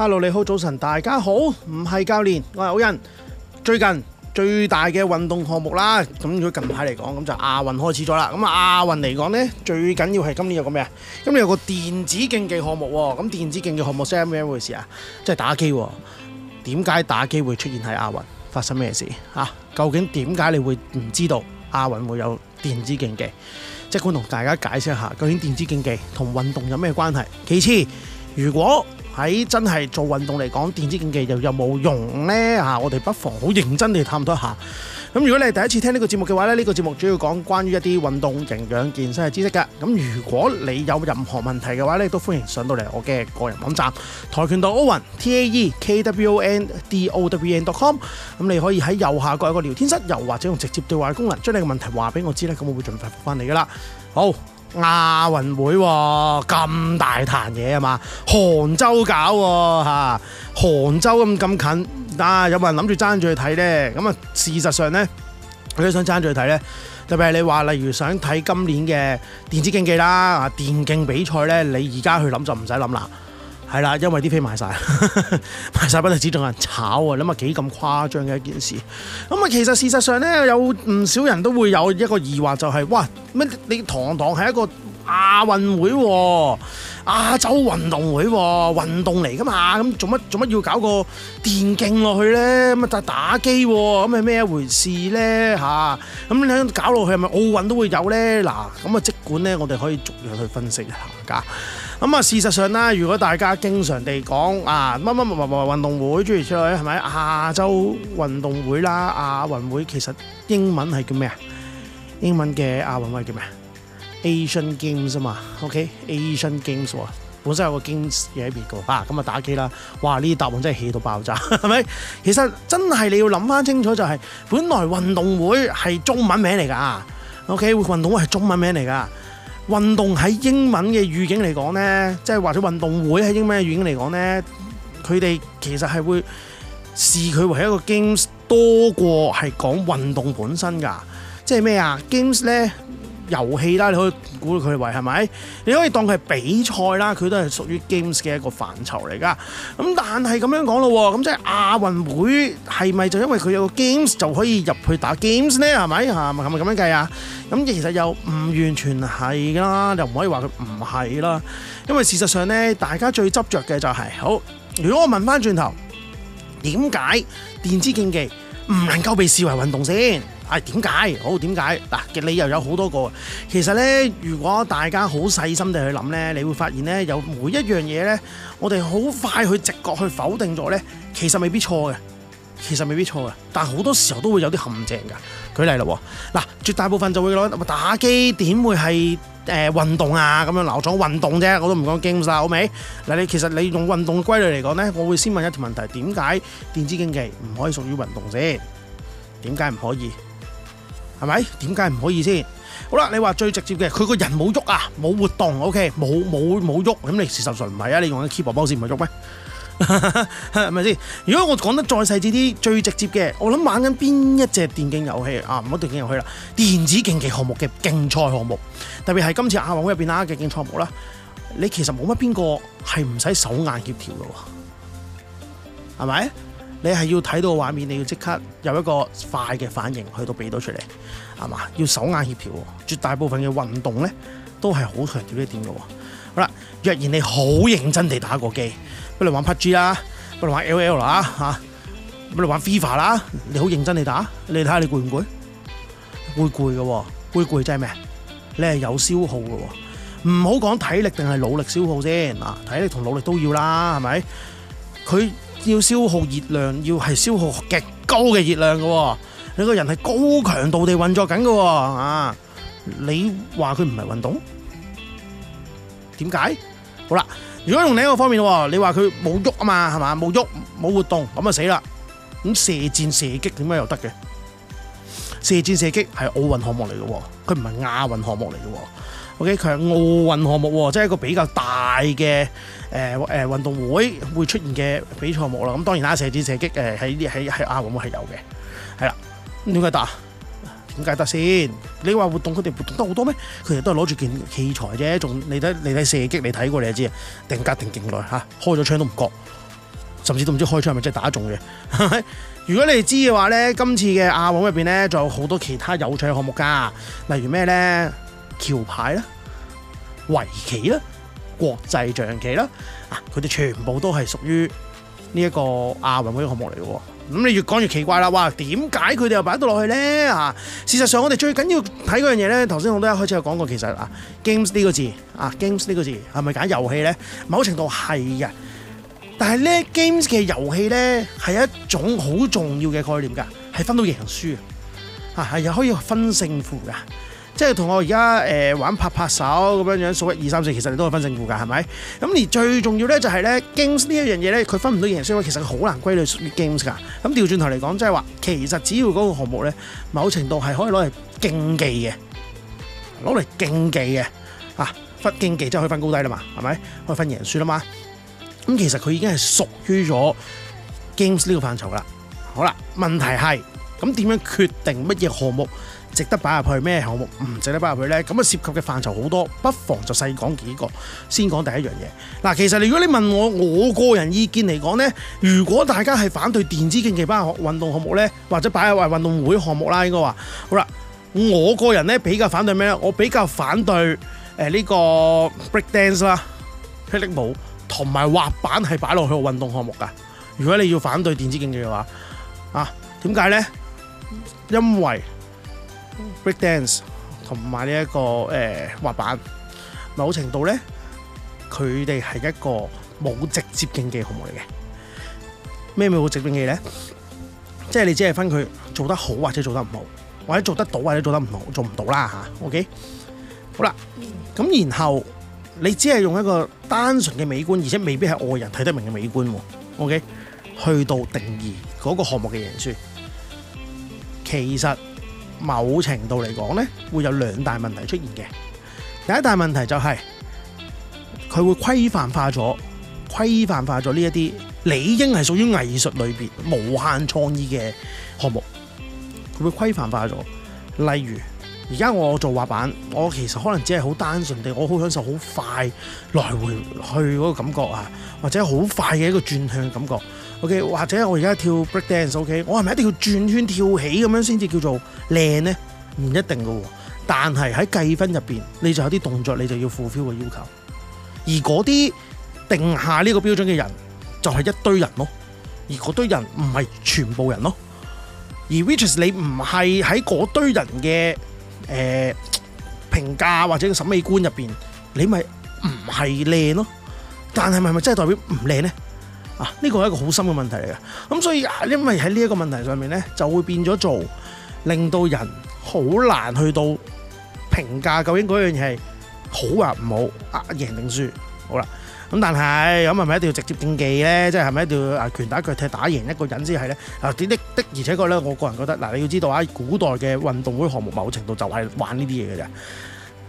Hello，你好，早晨，大家好，唔係教練，我係歐文。最近最大嘅運動項目啦，咁如果近排嚟講，咁就亞運開始咗啦。咁啊，亞運嚟講呢，最緊要係今年有個咩啊？今年有個電子競技項目喎。咁電子競技項目係咩回事啊？即係打機喎。點解打機會出現喺亞運？發生咩事啊？究竟點解你會唔知道亞運會有電子競技？即管同大家解釋一下，究竟電子競技同運動有咩關係？其次，如果喺真係做運動嚟講，電子競技又有冇用咧？嚇，我哋不妨好認真地探討一下。咁如果你係第一次聽呢個節目嘅話咧，呢個節目主要講關於一啲運動營養、健身嘅知識嘅。咁如果你有任何問題嘅話咧，都歡迎上到嚟我嘅個人網站跆拳道 OwenTAEKWONDOWEN.com。咁你可以喺右下角有個聊天室，又或者用直接對話功能將你嘅問題話俾我知咧。咁我會盡快覆翻你噶啦。好。亞運會喎，咁、哦、大壇嘢吖嘛？杭州搞喎、哦啊、杭州咁咁近，啊有冇人諗住爭住去睇咧，咁啊事實上咧，佢都想爭住去睇咧，特別係你話例如想睇今年嘅電子競技啦，啊電競比賽咧，你而家去諗就唔使諗啦。係啦，因為啲飛賣晒，賣晒不特止，仲有人炒啊！諗下幾咁誇張嘅一件事，咁啊其實事實上咧，有唔少人都會有一個疑惑，就係，哇，咩你堂堂係一個。亞、啊、運會喎，亞洲運動會喎，運動嚟噶、啊、嘛？咁做乜做乜要搞個電競落去咧？咁啊打打機喎、啊，咁係咩一回事咧？吓、啊，咁你想搞落去係咪奧運都會有咧？嗱、啊，咁啊即管咧，我哋可以逐樣去分析嚇㗎。咁啊，事實上啦，如果大家經常地講啊，乜乜乜乜乜運動會，諸如此類，係咪亞洲運動會啦、亞、啊、運會？其實英文係叫咩啊？英文嘅亞、啊、運會叫咩？Asian Games 啊嘛，OK，Asian Games 喎，本身有個 games 嘢喺入邊噶，啊咁啊打機啦，哇呢啲答案真係氣到爆炸，係咪？其實真係你要諗翻清楚，就係本來運動會係中文名嚟㗎啊，OK，運動會係中文名嚟㗎。運動喺英文嘅語境嚟講咧，即係或者運動會喺英文嘅語境嚟講咧，佢哋其實係會視佢為一個 games 多過係講運動本身㗎，即係咩啊？games 咧。遊戲啦，你可以估佢位，係咪？你可以當佢係比賽啦，佢都係屬於 games 嘅一個範疇嚟噶。咁但係咁樣講咯，咁即係亞運會係咪就因為佢有個 games 就可以入去打 games 呢？係咪？係咪咁樣計啊？咁其實又唔完全係㗎啦，又唔可以話佢唔係啦。因為事實上呢，大家最執着嘅就係，好。如果我問翻轉頭，點解電子競技唔能夠被視為運動先？啊！點解？好，點解？嗱，你又有好多個。其實咧，如果大家好細心地去諗咧，你會發現咧，有每一樣嘢咧，我哋好快去直覺去否定咗咧，其實未必錯嘅，其實未必錯嘅。但係好多時候都會有啲陷阱㗎。舉例啦，嗱，絕大部分就會攞打機，點會係誒運動啊？咁樣流暢運動啫，我都唔講 games 啦，好未？嗱，你其實你用運動嘅規律嚟講咧，我會先問一條問題：點解電子競技唔可以屬於運動先？點解唔可以？係咪？點解唔可以先？好啦，你話最直接嘅，佢個人冇喐啊，冇活動，OK，冇冇冇喐，咁你事實上唔係啊？你用緊 keyboard 包先唔係喐咩？係咪先？如果我講得再細緻啲，最直接嘅，我諗玩緊邊一隻電競遊戲啊？唔好電競遊戲啦，電子競技項目嘅競賽項目，特別係今次亞運會入邊啊嘅競賽項目啦，你其實冇乜邊個係唔使手眼協調嘅喎？係咪？你係要睇到個畫面，你要即刻有一個快嘅反應去到俾到出嚟，係嘛？要手眼協調，絕大部分嘅運動咧都係好強調呢一點嘅。好啦，若然你好認真地打個機，不如玩 PUBG 啦，不如玩 L L 啦，吓、啊，不如玩 FIFA 啦，你好認真地打，你睇下你攰唔攰？會攰嘅，會攰即係咩？你係有消耗嘅，唔好講體力定係腦力消耗先。嗱，體力同腦力都要啦，係咪？佢。要消耗熱量，要係消耗極高嘅熱量嘅喎，你個人係高強度地運作緊嘅喎，啊！你話佢唔係運動，點解？好啦，如果用另一個方面，你話佢冇喐啊嘛，係嘛，冇喐冇活動，咁啊死啦！咁射箭射擊點解又得嘅？射箭射擊係奧運項目嚟嘅，佢唔係亞運項目嚟嘅。O.K. 佢係奧運項目喎，即係一個比較大嘅誒誒運動會會出現嘅比賽項目啦。咁當然啦、啊，射箭、射擊誒喺、呃、呢啲喺喺亞運會係有嘅，係啦。點解得？點解得先？你話活動佢哋活動得好多咩？佢哋都係攞住件器材啫，仲你睇你睇射擊，你睇過你就知，定格定勁耐嚇、啊，開咗槍都唔覺，甚至都唔知開槍係咪真係打中嘅。 如果你哋知嘅話咧，今次嘅亞運入邊咧，仲有好多其他有趣嘅項目㗎、啊，例如咩咧？橋牌啦、圍棋啦、國際象棋啦，啊，佢哋全部都係屬於呢一個亞運會項目嚟嘅。咁、嗯、你越講越奇怪啦，哇，點解佢哋又擺得落去咧？啊，事實上我哋最緊要睇嗰樣嘢咧，頭先我都一開始有講過，其實啊，games 呢個字啊，games 呢個字係咪解遊戲咧？某程度係嘅，但係呢 games 嘅遊戲咧係一種好重要嘅概念噶，係分到贏輸啊，係又可以分勝負噶。即係同我而家誒玩拍拍手咁樣樣數一二三四，其實你都可以分勝負㗎，係咪？咁而最重要咧就係咧 games 呢一樣嘢咧，佢分唔到贏輸，因為其實好難歸類屬於 games 㗎。咁調轉頭嚟講，即係話其實只要嗰個項目咧，某程度係可以攞嚟競技嘅，攞嚟競技嘅吓，分、啊、競技即係可以分高低啦嘛，係咪？可以分贏輸啦嘛。咁其實佢已經係屬於咗 games 呢個範疇啦。好啦，問題係咁點樣決定乜嘢項目？值得擺入去咩項目？唔值得擺入去呢？咁啊，涉及嘅範疇好多，不妨就細講幾個。先講第一樣嘢。嗱，其實你如果你問我我個人意見嚟講呢，如果大家係反對電子競技班學運動項目呢，或者擺入為運動會項目啦，應該話好啦。我個人呢比較反對咩呢？我比較反對誒呢個 break dance 啦、霹靂舞同埋滑板係擺落去運動項目噶。如果你要反對電子競技嘅話，啊，點解呢？因為 breakdance 同埋、這、呢一個誒、呃、滑板，某程度咧，佢哋係一個冇直接競技嘅項目嚟嘅。咩冇直接競技咧？即係你只係分佢做得好或者做得唔好，或者做得到或者做得唔好，做唔到啦吓。OK，好啦，咁然後你只係用一個單純嘅美觀，而且未必係外人睇得明嘅美觀。OK，去到定義嗰個項目嘅贏輸，其實。某程度嚟講咧，會有兩大問題出現嘅。第一大問題就係，佢會規範化咗，規範化咗呢一啲理應係屬於藝術類別無限創意嘅項目。佢會規範化咗。例如，而家我做滑板，我其實可能只係好單純地，我好享受好快來回去嗰個感覺啊，或者好快嘅一個轉向感覺。O.K. 或者我而家跳 breakdance，O.K.、Okay? 我係咪一定要轉圈跳起咁樣先至叫做靚呢？唔一定㗎，但係喺計分入邊，你就有啲動作你就要 fulfill 嘅要求。而嗰啲定下呢個標準嘅人，就係、是、一堆人咯。而嗰堆人唔係全部人咯。而 which is 你唔係喺嗰堆人嘅誒評價或者審美觀入邊，你咪唔係靚咯。但係咪咪真係代表唔靚呢？啊！呢個係一個好深嘅問題嚟嘅，咁所以因為喺呢一個問題上面咧，就會變咗做令到人好難去到評價究竟嗰樣嘢係好啊，唔好啊，贏定輸。好啦，咁但係咁係咪一定要直接競技咧？即係係咪一定要啊拳打腳踢打贏一個人先係咧？啊點的的而且確咧，我個人覺得嗱，你要知道啊，古代嘅運動會項目某程度就係玩呢啲嘢嘅啫，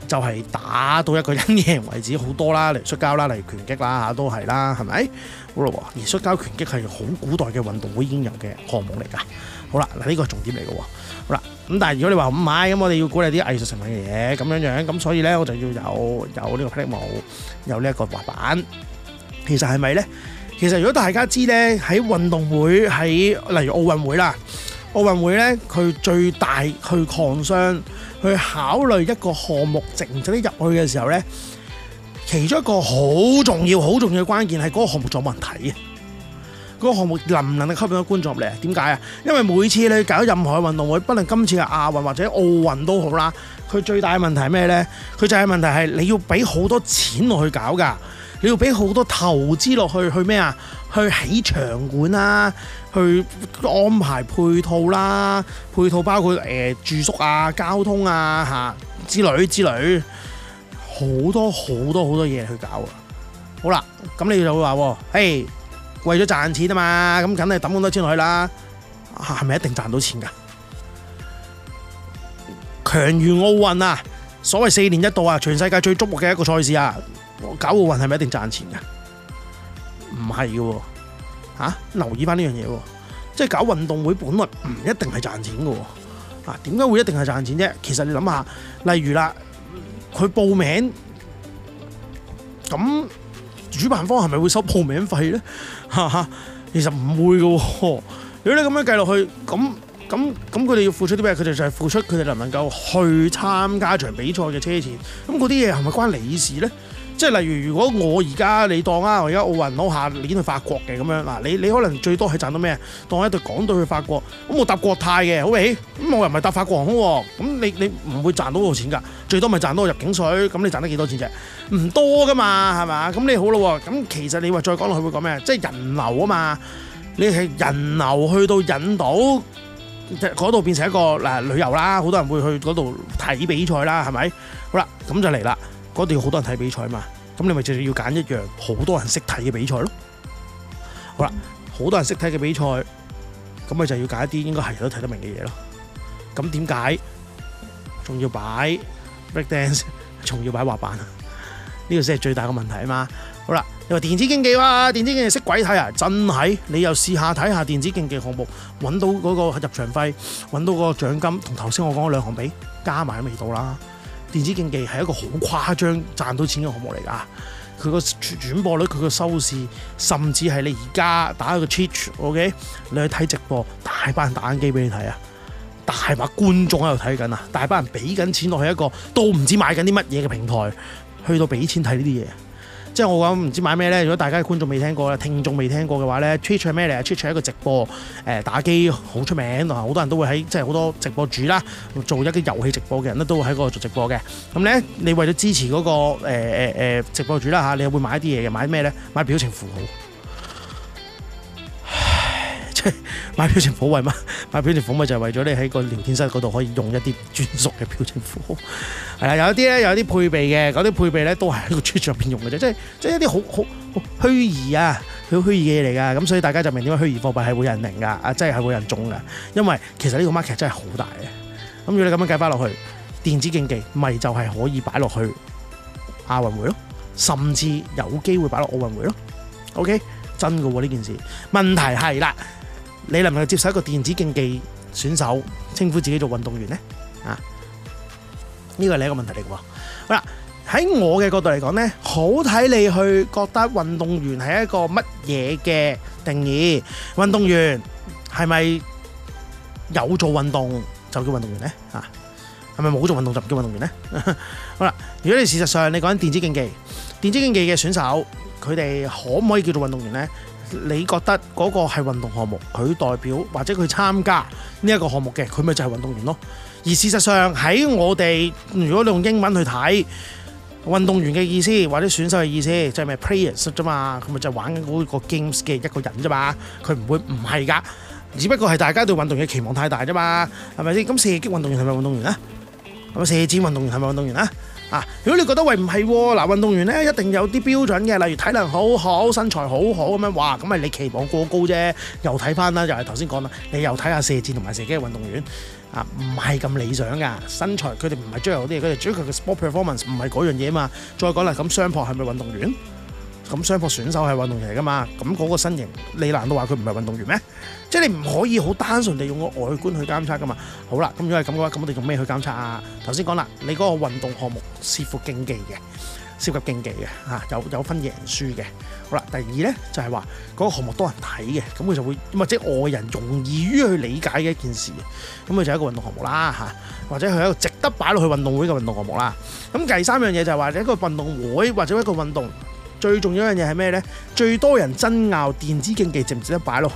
就係、是、打到一個人贏為止，好多啦，嚟摔跤啦，嚟拳擊啦嚇都係啦，係咪？而摔跤、拳擊係好古代嘅運動會已經有嘅項目嚟噶。好啦，嗱呢個係重點嚟嘅。好啦，咁但係如果你話唔買，咁我哋要鼓勵啲藝術成分嘅嘢，咁樣樣，咁所以咧我就要有有呢個皮 d 帽，有呢一個滑板。其實係咪咧？其實如果大家知咧，喺運動會，喺例如奧運會啦，奧運會咧，佢最大去 concern 去考慮一個項目值唔值得入去嘅時候咧。其中一個好重要、好重要嘅關鍵係嗰個項目有冇問題啊？嗰個項目能唔能夠吸引到觀眾入嚟啊？點解啊？因為每次你搞任何運動會，不論今次嘅亞運或者奧運都好啦，佢最大嘅問題係咩咧？佢就係問題係你要俾好多錢落去搞㗎，你要俾好多投資落去去咩啊？去起場館啦，去安排配套啦，配套包括誒、呃、住宿啊、交通啊嚇、啊、之類之類。好多好多好多嘢去搞啊！好啦，咁你就會話，嘿，為咗賺錢啊嘛，咁梗係抌咁多錢落去啦。係咪一定賺到錢噶？強如奧運啊，所謂四年一度啊，全世界最矚目嘅一個賽事啊，搞奧運係咪一定賺錢噶？唔係嘅，吓，留意翻呢樣嘢，即係搞運動會本來唔一定係賺錢嘅。啊，點解會一定係賺錢啫？其實你諗下，例如啦。佢報名，咁主辦方係咪會收報名費咧？哈哈，其實唔會嘅，哦。如果你咁樣計落去，咁咁咁佢哋要付出啲咩？佢哋就係付出佢哋能唔能夠去參加一場比賽嘅車錢。咁嗰啲嘢係咪關你事咧？即係例如，如果我而家你當啊，我而家奧運攞下年去法國嘅咁樣嗱，你你可能最多係賺到咩？當我一隊港隊去法國，咁我搭國泰嘅，好未？咁我又唔係搭法國航空喎，咁你你唔會賺到嗰個錢㗎。最多咪賺多入境水，咁你賺得幾多錢啫？唔多噶嘛，係嘛？咁你好咯喎，咁其實你話再講落去會講咩？即係人流啊嘛，你係人流去到引到嗰度變成一個嗱、呃、旅遊啦，好多人會去嗰度睇比賽啦，係咪？好啦，咁就嚟啦，嗰度好多人睇比賽嘛，咁你咪直接要揀一樣好多人識睇嘅比賽咯。好啦，好多人識睇嘅比賽，咁咪就要揀一啲應該係人都睇得明嘅嘢咯。咁點解仲要擺？Breakdance 仲要擺滑板啊？呢個先係最大嘅問題啊嘛！好啦，你話電子競技哇，電子競技識鬼睇啊！真係，你又試下睇下電子競技項目，揾到嗰個入場費，揾到個獎金，同頭先我講兩項比，加埋都未到啦！電子競技係一個好誇張賺到錢嘅項目嚟㗎，佢個轉播率、佢個收視，甚至係你而家打一個 Twitch，OK，你去睇直播，大班人打緊機俾你睇啊！大把觀眾喺度睇緊啊！大把人俾緊錢落去一個都唔知買緊啲乜嘢嘅平台，去到俾錢睇、就是呢啲嘢。即係我講唔知買咩咧。如果大家嘅觀眾未聽過咧，聽眾未聽過嘅話咧，Twitch 係咩嚟啊？Twitch 係一個直播誒打機好出名啊！好多人都會喺即係好多直播主啦，做一啲遊戲直播嘅人咧，都會喺嗰度做直播嘅。咁咧，你為咗支持嗰、那個誒誒、呃呃、直播主啦嚇，你會買啲嘢嘅？買咩咧？買表情符號。 買表情符為乜？買表情符咪就係為咗你喺個聊天室嗰度可以用一啲專屬嘅表情符，係啦，有啲咧，有啲配備嘅，嗰啲配備咧都係喺個桌上邊用嘅啫，即係即係一啲好好虛擬啊，佢虛擬嘢嚟噶，咁所以大家就明點解虛擬貨幣係會人明噶，啊，即係係會人中噶，因為其實呢個 market 真係好大嘅，咁如果你咁樣計翻落去，電子競技咪就係可以擺落去亞運會咯，甚至有機會擺落奧運會咯，OK，真噶喎，呢件事，問題係啦。你能唔能接受一個電子競技選手稱呼自己做運動員呢？啊，呢個係你一個問題嚟嘅喎。好啦，喺我嘅角度嚟講呢，好睇你去覺得運動員係一個乜嘢嘅定義？運動員係咪有做運動就叫運動員呢？啊，係咪冇做運動就唔叫運動員呢？好啦，如果你事實上你講緊電子競技，電子競技嘅選手佢哋可唔可以叫做運動員呢？你覺得嗰個係運動項目，佢代表或者佢參加呢一個項目嘅，佢咪就係運動員咯？而事實上喺我哋，如果你用英文去睇運動員嘅意思或者選手嘅意思，就係咩 players 啫嘛，佢咪就玩緊嗰個 games 嘅一個人啫嘛，佢唔會唔係噶，只不過係大家對運動員嘅期望太大啫嘛，係咪先？咁射擊運動員係咪運動員啊？咁射箭運動員係咪運動員啊？啊！如果你覺得喂唔係嗱，運動員咧一定有啲標準嘅，例如體能好好、身材好好咁樣，哇！咁咪你期望過高啫。又睇翻啦，又係頭先講啦，你又睇下射箭同埋射擊運動員啊，唔係咁理想噶身材，佢哋唔係追求啲嘢，佢哋追求嘅 sport performance 唔係嗰樣嘢嘛。再講啦，咁雙槓係咪運動員？啊。咁雙方選手係運動員嚟噶嘛？咁嗰個身形，你難道話佢唔係運動員咩？即、就、係、是、你唔可以好單純地用個外觀去監測噶嘛？好啦，咁如果係咁嘅話，咁我哋用咩去監測啊？頭先講啦，你嗰個運動項目是乎競技嘅，涉及競技嘅嚇、啊，有有分贏輸嘅。好啦，第二咧就係話嗰個項目多人睇嘅，咁佢就會或者外人容易於去理解嘅一件事。咁佢就係一個運動項目啦嚇、啊，或者佢係一個值得擺落去運動會嘅運動項目啦。咁第三樣嘢就係話一個運動會或者一個運動會。最重要一樣嘢係咩呢？最多人爭拗電子競技值唔值得擺落去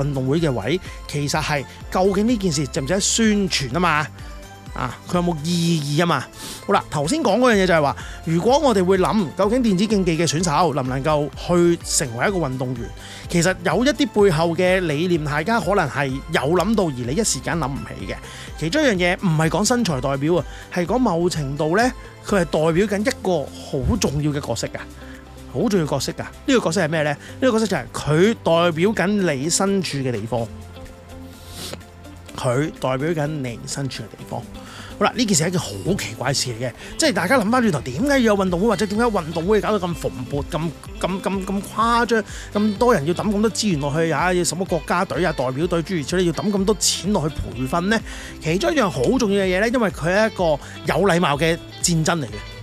運動會嘅位，其實係究竟呢件事值唔值得宣傳啊嘛？啊，佢有冇意義啊嘛？好啦，頭先講嗰樣嘢就係話，如果我哋會諗究竟電子競技嘅選手能唔能夠去成為一個運動員，其實有一啲背後嘅理念，大家可能係有諗到，而你一時間諗唔起嘅。其中一樣嘢唔係講身材代表啊，係講某程度呢，佢係代表緊一個好重要嘅角色啊。好重要角色㗎，呢個角色係咩呢？呢個角色就係佢代表緊你身處嘅地方，佢代表緊你身處嘅地方。好啦，呢件事係一件好奇怪嘅事嚟嘅，即係大家諗翻轉頭，點解要有運動會，或者點解運動會搞到咁蓬勃、咁咁咁咁誇張、咁多人要抌咁多資源落去呀，要什麼國家隊啊、代表隊諸如此類，要抌咁多錢落去培訓呢？其中一樣好重要嘅嘢呢，因為佢係一個有禮貌嘅戰爭嚟嘅。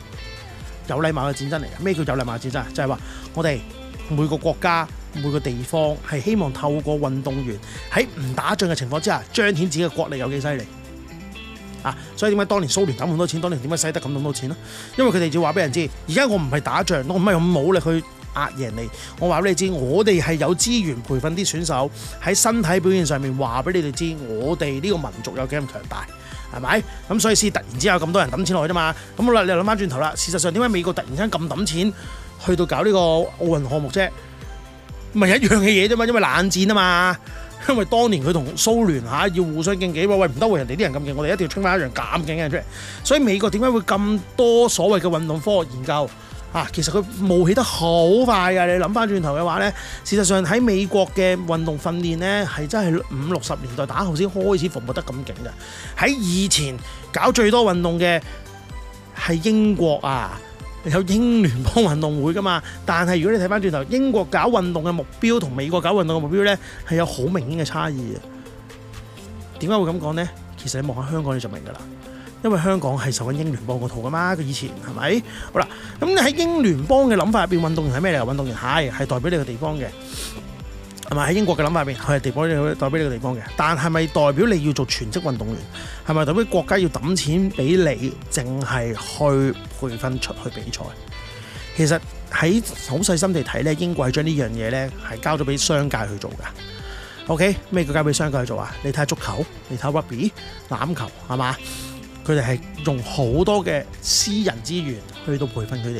有禮貌嘅戰爭嚟嘅，咩叫有禮貌嘅戰爭啊？就係話我哋每個國家每個地方係希望透過運動員喺唔打仗嘅情況之下，彰顯自己嘅國力有幾犀利啊！所以點解當年蘇聯抌咁多錢，當年點解西德抌咁多錢咯？因為佢哋就話俾人知，而家我唔係打仗，我唔係用武力去壓贏你。我告你，我話俾你知，我哋係有資源培訓啲選手喺身體表現上面，話俾你哋知，我哋呢個民族有幾咁強大。係咪？咁所以先突然之間咁多人抌錢落去啫嘛。咁好啦，你又諗翻轉頭啦。事實上，點解美國突然間咁抌錢去到搞呢個奧運項目啫？咪一樣嘅嘢啫嘛，因為冷戰啊嘛。因為當年佢同蘇聯吓要互相競技喎，喂唔得，喂人哋啲人咁勁，我哋一定要出翻一樣咁勁嘅嘢出嚟。所以美國點解會咁多所謂嘅運動科學研究？啊，其實佢冒起得好快嘅。你諗翻轉頭嘅話呢，事實上喺美國嘅運動訓練呢，係真係五六十年代打後先開始服務得咁勁嘅。喺以前搞最多運動嘅係英國啊，有英聯邦運動會噶嘛。但係如果你睇翻轉頭，英國搞運動嘅目標同美國搞運動嘅目標呢，係有好明顯嘅差異嘅。點解會咁講呢？其實你望下香港你就明噶啦。因為香港係受緊英聯邦嗰套㗎嘛，佢以前係咪？好啦，咁你喺英聯邦嘅諗法入邊，運動員係咩嚟？運動員係係代表你個地方嘅，係咪？喺英國嘅諗法入邊，佢係地方代表你個地方嘅。但係咪代表你要做全職運動員？係咪代表國家要揼錢俾你，淨係去培訓出去比賽？其實喺好細心地睇咧，英國係將呢樣嘢咧係交咗俾商界去做㗎。OK，咩叫交俾商界去做啊？你睇下足球，你睇下 Rugby、欖球，係嘛？佢哋係用好多嘅私人資源去到培訓佢哋，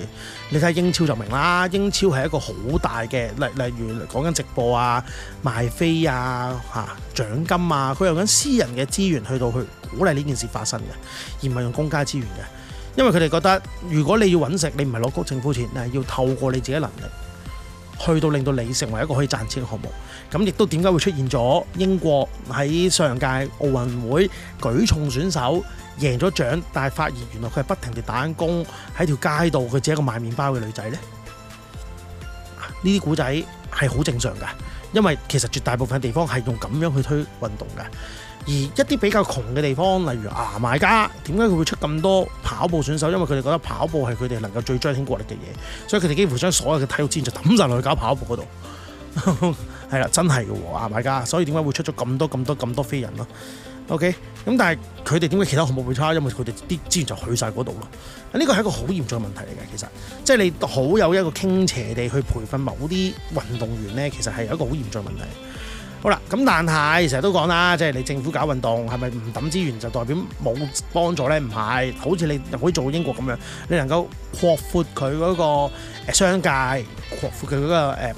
你睇英超就明啦。英超係一個好大嘅，例例如講緊直播啊、賣飛啊、嚇、啊、獎金啊，佢用緊私人嘅資源去到去鼓勵呢件事發生嘅，而唔係用公家資源嘅。因為佢哋覺得，如果你要揾食，你唔係攞高政府錢咧，要透過你自己的能力去到令到你成為一個可以賺錢嘅項目。咁亦都點解會出現咗英國喺上屆奧運會舉重選手？贏咗獎，但係發現原來佢係不停地打緊工喺條街度，佢只係一個賣麵包嘅女仔呢，呢啲古仔係好正常嘅，因為其實絕大部分地方係用咁樣去推運動嘅。而一啲比較窮嘅地方，例如牙買加，點解佢會出咁多跑步選手？因為佢哋覺得跑步係佢哋能夠最彰顯國力嘅嘢，所以佢哋幾乎將所有嘅體育資源抌晒落去搞跑步嗰度。係啦，真係嘅喎，牙買加，所以點解會出咗咁多咁多咁多飛人咯？O K. 咁但係佢哋點解其他項目會差？因為佢哋啲資源就去晒嗰度咯。呢個係一個好嚴重嘅問題嚟嘅。其實即係你好有一個傾斜地去培訓某啲運動員咧，其實係有一個好嚴重嘅問題。好啦，咁但係成日都講啦，即係你政府搞運動係咪唔抌資源就代表冇幫助咧？唔係，好似你可以做英國咁樣，你能夠擴闊佢嗰個誒商界擴闊佢嗰個誒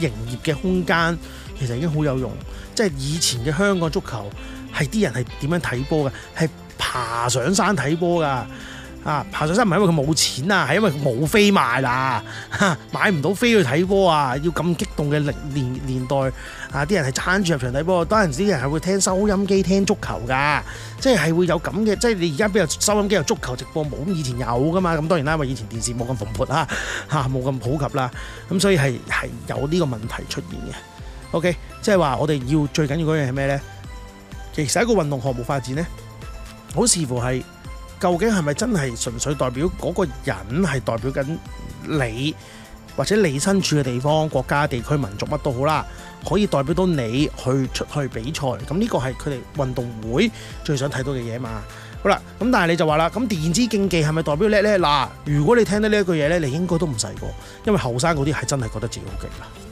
營業嘅空間，其實已經好有用。即係以前嘅香港足球。係啲人係點樣睇波噶？係爬上山睇波噶，啊爬上山唔係因為佢冇錢啊，係因為冇飛賣啦，買唔到飛去睇波啊！要咁激動嘅歷年年，年代啊，啲人係撐住入場睇波。當陣時啲人係會聽收音機聽足球噶、啊，即係會有咁嘅，即係你而家邊有收音機有足球直播冇？咁以前有噶嘛？咁當然啦，因為以前電視冇咁蓬勃嚇嚇，冇、啊、咁普及啦。咁所以係係有呢個問題出現嘅。OK，即係話我哋要最緊要嗰樣係咩咧？其實一個運動項目發展呢，好似乎係究竟係咪真係純粹代表嗰個人係代表緊你，或者你身處嘅地方、國家、地區、民族乜都好啦，可以代表到你去出去比賽。咁呢個係佢哋運動會最想睇到嘅嘢嘛。好啦，咁但係你就話啦，咁電子競技係咪代表叻咧？嗱，如果你聽得呢一句嘢呢，你應該都唔細個，因為後生嗰啲係真係覺得自己好勁啦。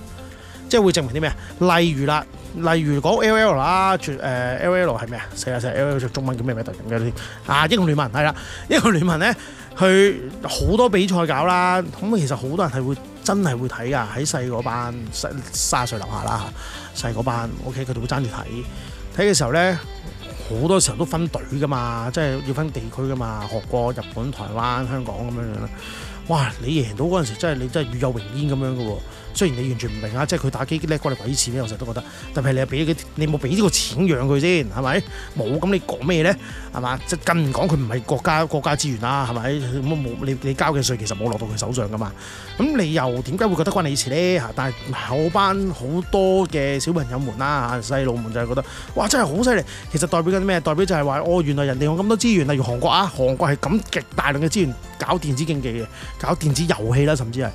即係會證明啲咩啊？例如啦，例如講 L.L. 啦、呃，誒 L.L. 係咩啊？四啊四 L.L. 中文叫咩咩特種嗰啲啊？英雄聯盟係啦，英雄聯盟咧，佢好多比賽搞啦，咁其實好多人係會真係會睇噶，喺細嗰班卅歲樓下啦，細嗰班 O.K. 佢哋會爭住睇，睇嘅時候咧，好多時候都分隊噶嘛，即係要分地區噶嘛，學過日本、台灣、香港咁樣樣啦。哇！你贏到嗰陣時候，真係你真係與有榮焉咁樣噶喎！雖然你完全唔明啊，即係佢打機叻關你鬼事咧，我成日都覺得。但係你又俾你冇俾呢個錢養佢先，係咪？冇咁你講咩咧？係嘛？即係更唔講，佢唔係國家國家資源啦，係咪？冇你你交嘅稅其實冇落到佢手上噶嘛。咁你又點解會覺得關你事咧？嚇！但係後班好多嘅小朋友們啦嚇細路們就係覺得，哇！真係好犀利。其實代表緊咩？代表就係話，哦，原來人哋用咁多資源，例如韓國啊，韓國係咁極大量嘅資源搞電子競技嘅，搞電子遊戲啦、啊，甚至係。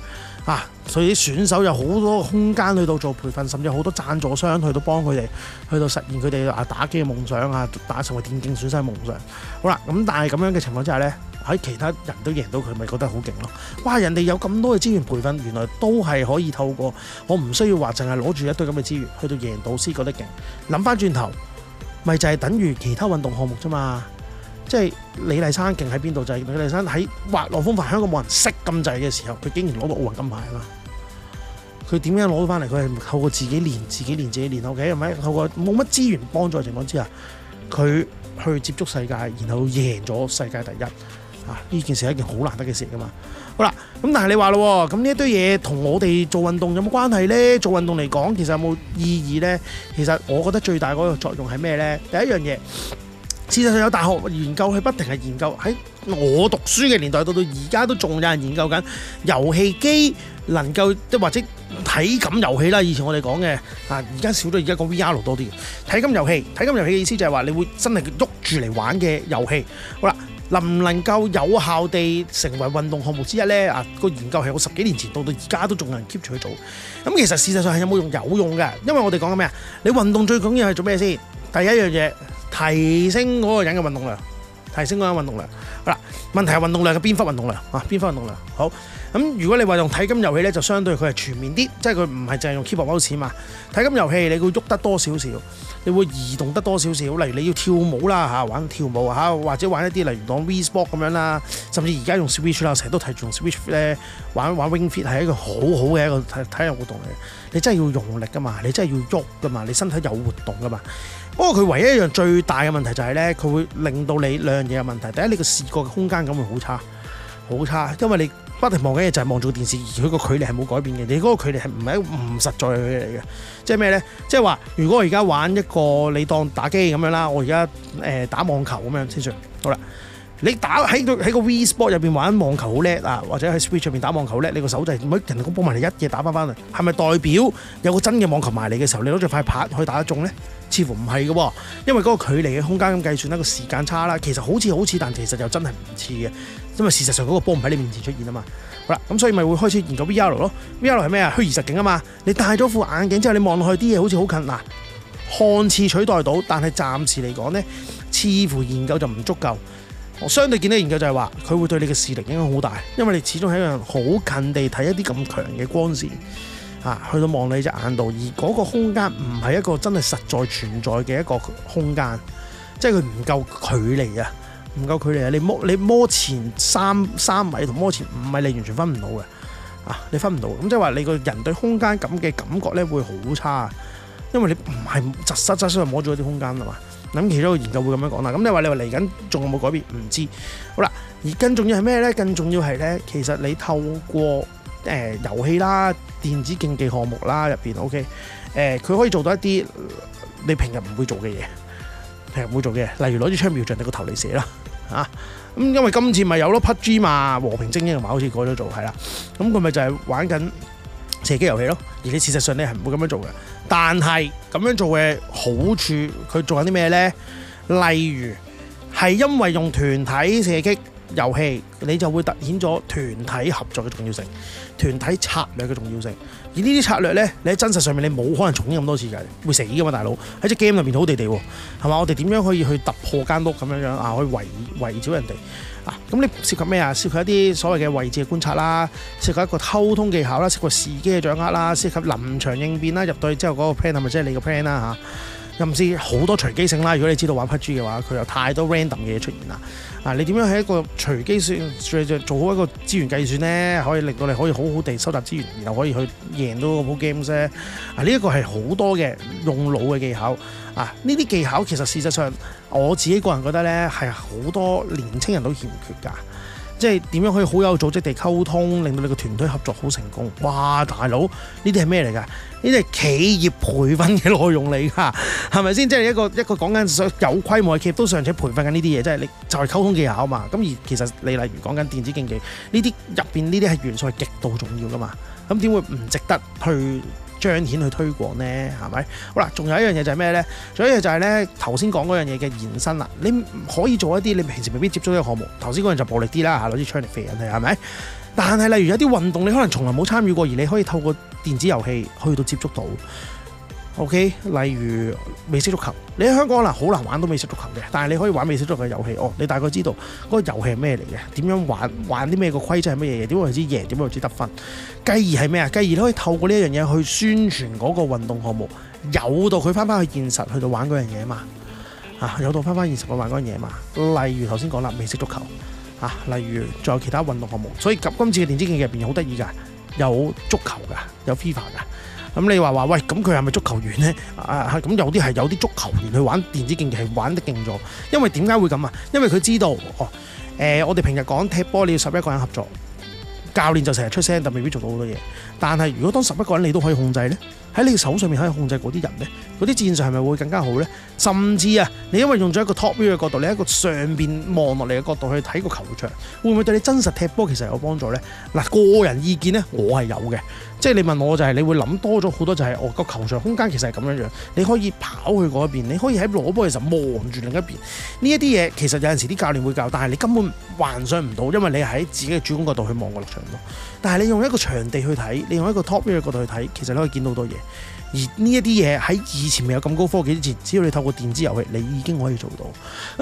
啊！所以啲選手有好多空間去到做培訓，甚至好多贊助商去到幫佢哋去到實現佢哋啊打機嘅夢想啊，打成為電競選手嘅夢想。好啦，咁但係咁樣嘅情況之下呢，喺其他人都贏到佢，咪覺得好勁咯。哇！人哋有咁多嘅資源培訓，原來都係可以透過我唔需要話淨係攞住一堆咁嘅資源去到贏到，先覺得勁。諗翻轉頭，咪就係、是、等於其他運動項目啫嘛。即係李麗珊勁喺邊度就係、是、李麗珊喺滑浪風帆香港冇人識咁滯嘅時候，佢竟然攞到奧運金牌啊嘛！佢點樣攞到翻嚟？佢係透過自己練、自己練、自己練 OK，係咪透過冇乜資源幫助情況之下，佢去接觸世界，然後贏咗世界第一啊！呢件事係一件好難得嘅事噶嘛。好啦，咁但係你話咯，咁呢一堆嘢同我哋做運動有冇關係咧？做運動嚟講，其實有冇意義咧？其實我覺得最大嗰個作用係咩咧？第一樣嘢。事實上有大學研究，佢不停係研究喺我讀書嘅年代，到到而家都仲有人研究緊遊戲機能夠，即係或者體感遊戲啦。以前我哋講嘅啊，而家少咗，而家講 VR 多啲嘅體感遊戲。體感遊戲嘅意思就係話你會真係喐住嚟玩嘅遊戲。好啦，能唔能夠有效地成為運動項目之一呢？啊，個研究係我十幾年前到到而家都仲有人 keep 住去做。咁其實事實上係有冇用？有用嘅，因為我哋講緊咩啊？你運動最緊要係做咩先？第一樣嘢提升嗰個人嘅運動量，提升嗰個人的運動量。好啦，問題係運動量嘅邊忽運動量啊，邊忽運動量？好咁、嗯，如果你話用體感遊戲咧，就相對佢係全面啲，即係佢唔係淨係用 keyboard motion 嘛。體感遊戲你會喐得多少少，你會移動得多少少。例如你要跳舞啦嚇、啊，玩跳舞嚇、啊，或者玩一啲例如當 Wii Sports 咁樣啦，甚至而家用 Switch 啦，成日都提住用 Switch 咧玩玩 Ring Fit 係一個好好嘅一個體體育活動嚟嘅。你真係要用力噶嘛，你真係要喐噶嘛，嘛，嘛，你身體有活動噶嘛。不過佢唯一一樣最大嘅問題就係咧，佢會令到你兩樣嘢有問題。第一，你個視覺嘅空間感會好差，好差。因為你不停望緊嘢就係望住個電視，而佢個距離係冇改變嘅。你嗰個距離係唔係唔實在嘅距離嘅？即係咩咧？即係話，如果我而家玩一個你當打機咁樣啦，我而家誒打網球咁樣先算。好啦。你打喺個喺個 V Sport 入面玩網球好叻啊，或者喺 Switch 入面打網球好叻，你個手就係人哋個波埋嚟一嘢打翻翻嚟，係咪代表有個真嘅網球埋嚟嘅時候，你攞住塊拍可以打得中咧？似乎唔係嘅，因為嗰個距離嘅空間咁計算一個時間差啦，其實好似好似，但其實又真係唔似嘅，因為事實上嗰個波唔喺你面前出現啊嘛。好啦，咁所以咪會開始研究 V R 咯。V R 係咩啊？虛擬實景啊嘛。你戴咗副眼鏡之後，你望落去啲嘢好似好近嗱，看似取代到，但係暫時嚟講咧，似乎研究就唔足夠。我相對見到研究就係話，佢會對你嘅視力影響好大，因為你始終係一個好近地睇一啲咁強嘅光線啊，去到望你隻眼度，而嗰個空間唔係一個真係實在存在嘅一個空間，即係佢唔夠距離啊，唔夠距離啊！你摸你摸前三三米同摸前五米，你完全分唔到嘅啊，你分唔到。咁即係話你個人對空間咁嘅感覺咧會好差，因為你唔係實質質摸咗啲空間啊嘛。諗其中個研究會咁樣講啦，咁你話你話嚟緊仲有冇改變？唔知。好啦，而更重要係咩咧？更重要係咧，其實你透過誒、呃、遊戲啦、電子競技項目啦入邊，OK，誒、呃、佢可以做到一啲你平日唔會做嘅嘢，平日唔會做嘅嘢，例如攞住槍瞄住你個頭嚟射啦，嚇、啊！咁因為今次咪有咯，PUBG 嘛，《和平精英》嘛，好似改咗做，係啦，咁佢咪就係玩緊射擊遊戲咯。而你事實上你係唔會咁樣做嘅。但係咁樣做嘅好處，佢做緊啲咩呢？例如係因為用團體射擊。遊戲你就會突顯咗團體合作嘅重要性，團體策略嘅重要性。而呢啲策略咧，你喺真實上面你冇可能重啲咁多次㗎，會死噶嘛，大佬喺隻 game 入面好地地喎，係嘛？我哋點樣可以去突破間屋咁樣樣啊？可以圍圍繞人哋啊？咁你涉及咩啊？涉及一啲所謂嘅位置嘅觀察啦，涉及一個溝通技巧啦，涉及時機嘅掌握啦，涉及臨場應變啦，入隊之後嗰個 plan 係咪即係你個 plan 啦吓。甚至好多隨機性啦，如果你知道玩 PUBG 嘅話，佢有太多 random 嘅嘢出現啦。啊，你點樣喺一個隨機性做好一個資源計算呢？可以令到你可以好好地收集資源，然後可以去贏到嗰鋪 games 咧。啊，呢一個係好多嘅用腦嘅技巧。啊，呢啲技巧其實事實上我自己個人覺得呢係好多年輕人都欠缺㗎。即係點樣可以好有組織地溝通，令到你個團隊合作好成功？哇！大佬，呢啲係咩嚟㗎？呢啲係企業培訓嘅內容嚟㗎，係咪先？即係一個一個講緊有規模嘅企業都尚且培訓緊呢啲嘢，即係你就係溝通技巧嘛。咁而其實你例如講緊電子競技呢啲入面呢啲係元素係極度重要㗎嘛。咁點會唔值得去彰顯去推廣呢，係咪？好啦，仲有一樣嘢就係咩呢？仲有一樣就係呢，頭先講嗰樣嘢嘅延伸啦。你可以做一啲你平時未必接觸嘅項目。頭先嗰樣就暴力啲啦，攞支槍嚟射人哋，係咪？但係例如有啲運動，你可能從來冇參與過，而你可以透過電子遊戲去到接觸到。O.K.，例如美式足球，你喺香港嗱好難玩到美式足球嘅，但係你可以玩美式足球嘅遊戲，哦，你大概知道嗰個遊戲係咩嚟嘅，點樣玩，玩啲咩個規則係乜嘢嘢，點樣知贏，點樣知得分。繼而係咩啊？繼而你可以透過呢一樣嘢去宣傳嗰個運動項目，引到佢翻翻去現實去到玩嗰樣嘢啊嘛，啊，引到翻翻現實去玩嗰樣嘢啊嘛。例如頭先講啦，美式足球，啊，例如仲有其他運動項目，所以今次嘅電子競技入邊好得意噶，有足球噶，有 FIFA 噶。咁你話話喂，咁佢係咪足球員呢？啊，咁有啲係有啲足球員去玩電子競技係玩得勁咗。因為點解會咁啊？因為佢知道哦，呃，我哋平日講踢波你要十一個人合作，教練就成日出聲，但未必做到好多嘢。但係如果當十一個人你都可以控制呢？喺你手上面可以控制嗰啲人呢，嗰啲戰術係咪會更加好呢？甚至啊，你因為用咗一個 top view 嘅角度，你喺個上邊望落嚟嘅角度去睇個球場，會唔會對你真實踢波其實有幫助呢？嗱，個人意見呢，我係有嘅，即係你問我就係、是、你會諗多咗好多，就係我個球場空間其實係咁樣樣，你可以跑去一邊，你可以喺攞波嘅時候望住另一邊，呢一啲嘢其實有陣時啲教練會教，但係你根本幻想唔到，因為你係喺自己嘅主觀角度去望個球場咯。但係你用一個場地去睇，你用一個 top view 嘅角度去睇，其實你可以見到好多嘢。而呢一啲嘢喺以前未有咁高科技之前，只要你透過電子遊戲，你已經可以做到。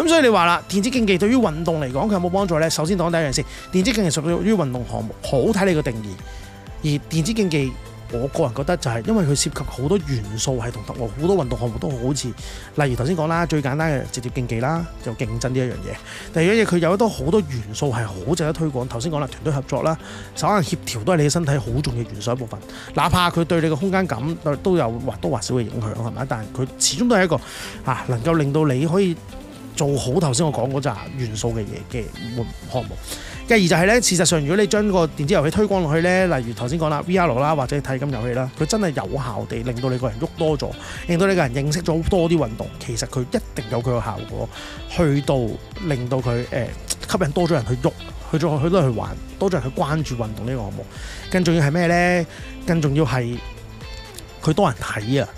咁所以你話啦，電子競技對於運動嚟講佢有冇幫助呢？首先講第一樣先，電子競技屬於運動項目，好睇你個定義。而電子競技我個人覺得就係因為佢涉及好多元素係同特好多運動項目都好似，例如頭先講啦，最簡單嘅直接競技啦，就競爭呢一樣嘢。第二樣嘢佢有一多好多元素係好值得推廣。頭先講啦，團隊合作啦，首先協調都係你嘅身體好重要嘅元素一部分。哪怕佢對你嘅空間感都有或多或少嘅影響，係咪？但係佢始終都係一個啊，能夠令到你可以做好頭先我講嗰紮元素嘅嘢嘅運動項目。第二就係咧，事實上如果你將個電子遊戲推廣落去咧，例如頭先講啦 VR 啦，或者體感遊戲啦，佢真係有效地令到你個人喐多咗，令到你個人認識咗多啲運動，其實佢一定有佢個效果，去到令到佢誒吸引多咗人去喐，去咗去多啲去玩，多咗人去關注運動呢個項目。更重要係咩咧？更重要係佢多人睇啊！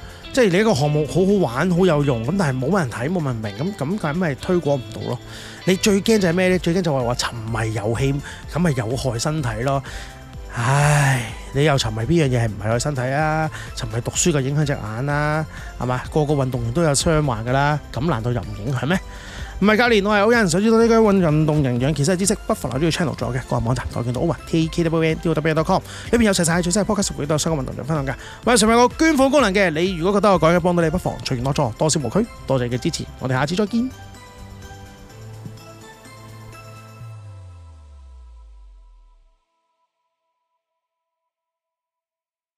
即係你一個項目好好玩好有用咁，但係冇人睇冇人明咁咁咁，梗係推廣唔到咯。你最驚就係咩呢？最驚就係話沉迷遊戲咁咪有害身體咯。唉，你又沉迷邊樣嘢係唔危害身體啊？沉迷讀書就影響隻眼啦，啊，係嘛？個個運動員都有傷患噶啦，咁難道又唔影響咩？唔係教練，我係歐人。想知道呢啲關運運動營養其實係知識，不妨留意個 channel，嘅個人網站，到我叫做歐文 T K W N D W N dot com，裏邊有齊晒最新嘅 podcast 都有相關運動嘅分享㗎。喂，上面有個捐款功能嘅，你如果覺得我講嘅幫到你，不妨隨便多座，多少無需，多謝你嘅支持，我哋下次再見。